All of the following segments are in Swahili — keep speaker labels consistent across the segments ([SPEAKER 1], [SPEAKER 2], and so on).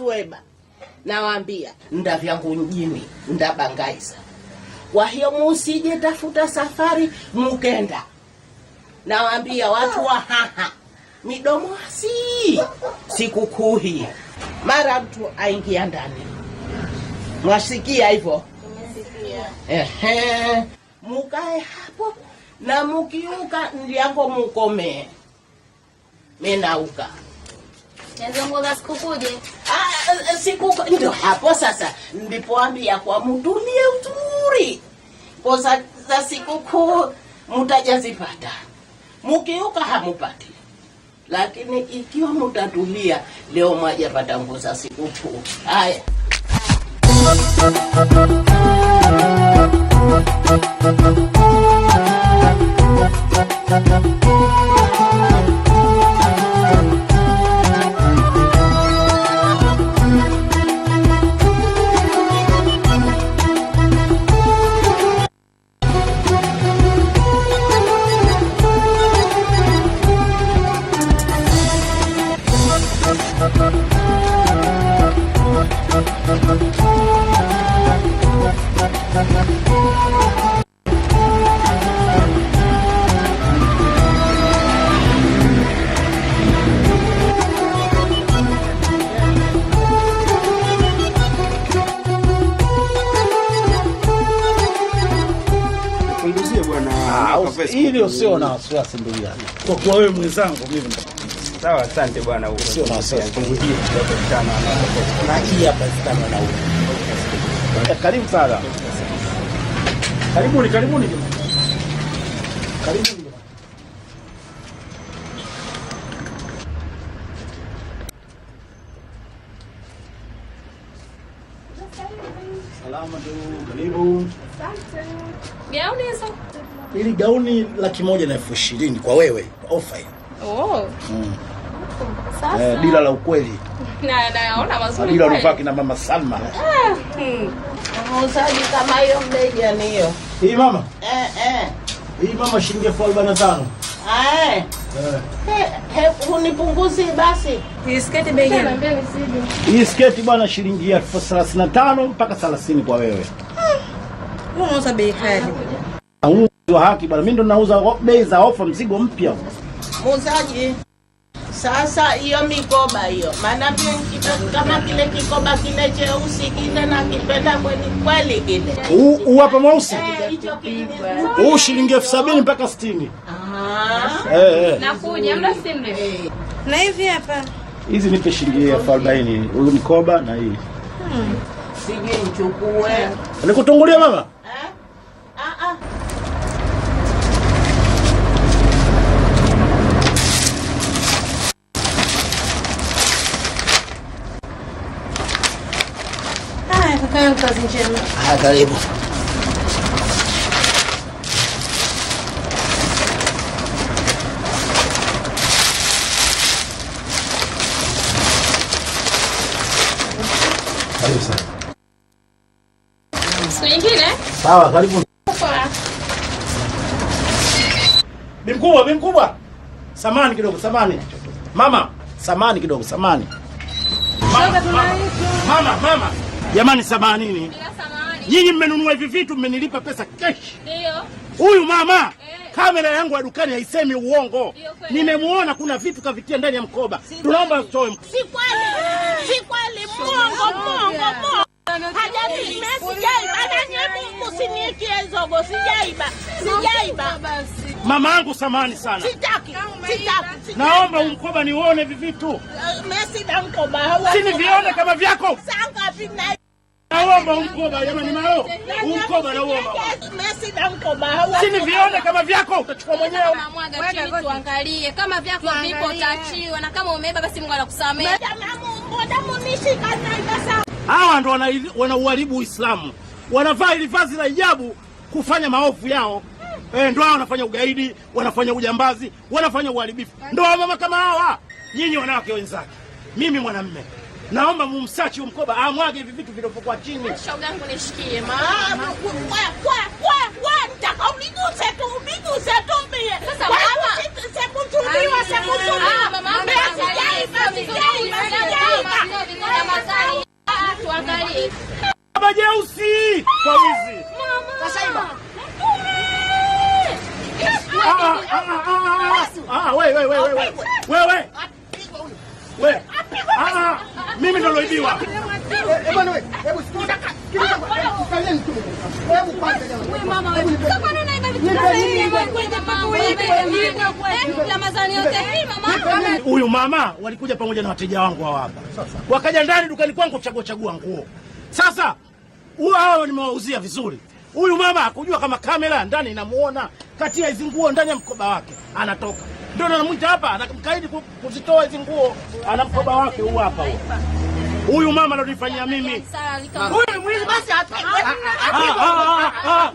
[SPEAKER 1] weba nawaambia nda vyangu mjini ndabangaiza. Kwa hiyo musije tafuta safari mukenda, nawaambia watu wa haha midomo si sikukuu hii, mara mtu aingia ndani, mwasikia hivyo ehe, mukae hapo na mukiuka mliango mukomee, menauka
[SPEAKER 2] Naziongoza sikukuje.
[SPEAKER 1] Ah, eh, eh, siku ndio hapo sasa mlipoambia kwa mdunie uturi. Posa za sikukuu mtajazipata. Mukiuka hamupati. Lakini ikiwa mutatulia leo mwaja pata za sikukuu. Haya. wasiwasi. Hili usio na wasiwasi ndugu yangu.
[SPEAKER 3] Kwa kuwa wewe mwenzangu mimi
[SPEAKER 4] Sawa, asante bwana. huko.
[SPEAKER 1] Sio na wasiwasi. Na Na hii hapa sitana na huko.
[SPEAKER 3] Eh, karibu sana. Karibuni, karibuni. Karibuni. Salama tu, karibu.
[SPEAKER 2] Asante. Gauni hizo?
[SPEAKER 3] Ili gauni laki moja na elfu ishirini kwa wewe, ofa hiyo.
[SPEAKER 2] Oh. Mm.
[SPEAKER 3] Sasa. Eh, dila la ukweli.
[SPEAKER 2] Na naona mazuri.
[SPEAKER 3] Dila rufaa kina Mama Salma.
[SPEAKER 2] Ah. Hmm.
[SPEAKER 1] Muuzaji kama hiyo mbeja ni hiyo. Hii mama? Eh eh.
[SPEAKER 3] Hii mama shilingi elfu arobaini na tano.
[SPEAKER 1] Ah eh. Unipunguzie basi
[SPEAKER 3] hii sketi bwana, shilingi elfu thelathini na tano mpaka thelathini kwa wewe. Ah,
[SPEAKER 2] unauza bei kali,
[SPEAKER 3] unauza haki bwana. Mimi ndo nauza bei za ofa, mzigo mpya
[SPEAKER 1] muuzaji. Sasa hiyo mikoba hiyo, maana pia kama kile kikoba kile cheusi kile na kipenda kweli kweli kile
[SPEAKER 3] huu hapa mweusi eh, huu shilingi elfu sabini mpaka sitini eh,
[SPEAKER 2] eh. na hivi hapa
[SPEAKER 3] hizi nipe shilingi elfu arobaini huyu mkoba na hii hmm.
[SPEAKER 1] Sije nichukue
[SPEAKER 3] Nikutungulia mama
[SPEAKER 2] Kaka yangu, kazi njema.
[SPEAKER 3] Haya, karibu. Sawa, karibu. Bi mkubwa, bi mkubwa. Samani kidogo, samani. Mama, samani kidogo, samani. Mama, mama, mama. Jamani, samanini. Nyinyi mmenunua hivi vitu, mmenilipa pesa keshi. Huyu mama e, kamera yangu ya dukani haisemi uongo, nimemwona kuna vitu kavitia ndani ya mkoba. Tunaomba toe.
[SPEAKER 2] Si kweli, si kweli,
[SPEAKER 3] Mama yangu samani sana, naomba umkoba niuone hivi vitu,
[SPEAKER 1] eh,
[SPEAKER 3] sinivione kama vyako unaomba Mkoba jamani, mao oh, Mkoba nauomba sini vione kama vyako utachukua
[SPEAKER 2] mwenyewe, tuangalie kama vyako vipo utaachiwa, na kama umeiba basi Mungu anakusamehe.
[SPEAKER 3] Hawa ndo wanauharibu Uislamu, wanavaa ili vazi la hijabu kufanya maovu yao. E, ndo hao wanafanya ugaidi, wanafanya ujambazi, wanafanya uharibifu. Ndo wamama kama hawa, nyinyi wanawake wenzake, mimi mwanamme Naomba mumsachi mkoba amwage hivi vitu vilivyokuwa chini. Baba jeusi kwa wizi. Wewe. Ah, ah, mimi ndo loibiwa. Huyu mama walikuja pamoja na wateja wangu hawa hapa, wakaja ndani dukani kwangu kuchagua chagua nguo. Sasa huyu hao nimewauzia vizuri. Huyu mama hakujua kama kamera ndani inamuona, katia hizi nguo ndani ya mkoba wake, anatoka ndio anamwita hapa, anakaidi kuzitoa hizi nguo, ana mkoba wake huu hapa huyu mama ananifanyia mimi.
[SPEAKER 2] Huyu mwizi basi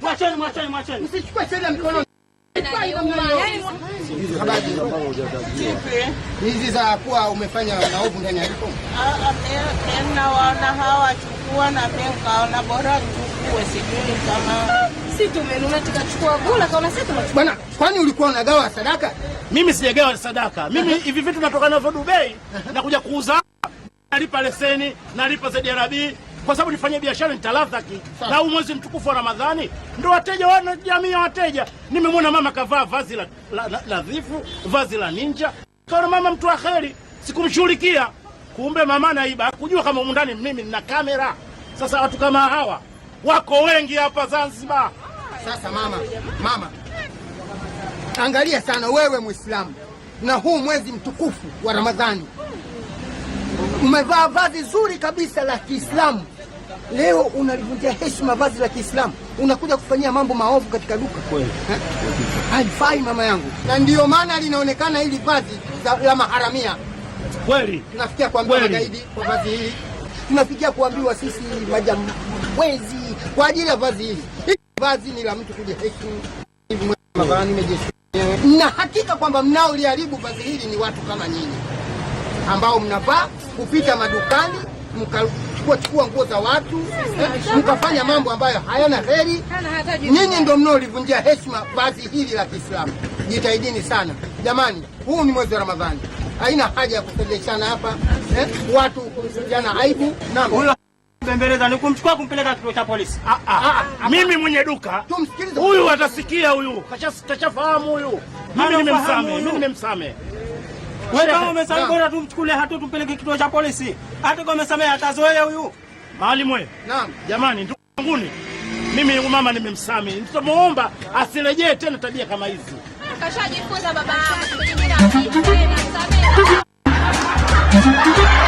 [SPEAKER 3] mwacheni, mwacheni, mwacheni.
[SPEAKER 1] Msichukue sheria mkononi. Hizi za kuwa umefanya maovu ndani ya hapo.
[SPEAKER 2] hawa chukua na pia nikaona bora tuchukue sijui kama sisi tumenunua tukachukua bula, kaona sisi tunachukua.
[SPEAKER 3] Bwana, kwani ulikuwa unagawa sadaka? Mimi sijagawa sadaka. Mimi hivi vitu natoka navyo Dubai na kuja kuuza, nalipa leseni, nalipa ZRB kwa sababu nifanye biashara nitalazaki na huu mwezi mtukufu wa Ramadhani ndio wateja wana jamii ya wateja. Nimemwona mama kavaa vazi la nadhifu, vazi la ninja, kaona mama mtu aheri, sikumshughulikia. Kumbe mama naiba, kujua kama umundani mimi nina kamera. Sasa watu kama hawa wako wengi hapa Zanzibar.
[SPEAKER 1] Sasa mama, mama, angalia sana wewe Muislamu, na huu mwezi mtukufu wa Ramadhani umevaa vazi zuri kabisa la Kiislamu. Leo unalivunjia heshima vazi la Kiislamu, unakuja kufanyia mambo maovu katika duka. Haifai mama yangu, na ndiyo maana linaonekana hili vazi la maharamia. Kweli tunafikia kuambiwa magaidi kwa vazi hili, tunafikia kuambiwa sisi majamwezi kwa ajili ya vazi hili. Vazi ni la mtu kujiheshimu. Na hakika kwamba mnaoliharibu vazi hili ni watu kama nyinyi ambao mnavaa kupita madukani mkachukua chukua nguo za watu eh, mkafanya mambo ambayo hayana heri. Nyinyi ndio mnaolivunjia heshima vazi hili la Kiislamu. Jitahidini sana jamani, huu ni mwezi wa Ramadhani, haina haja ya kusedeshana hapa eh, watu kuhusiana aibu
[SPEAKER 3] na kubembeleza ni kumchukua kumpeleka kituo cha polisi. Ah, ah, ah, ah, mimi mwenye duka huyu atasikia, huyu kashafahamu huyu. Mimi nimemsame, mimi nimemsame. Wewe kama umesame, bora tumchukule hatu tumpeleke kituo cha polisi. Hata kama umesame, atazoea huyu. Mwalimu wewe. Naam. Jamani ndugu yangu mimi huyu mama nimemsame. Nitamuomba asirejee tena tabia kama hizi.
[SPEAKER 2] Kashajifunza baba yake.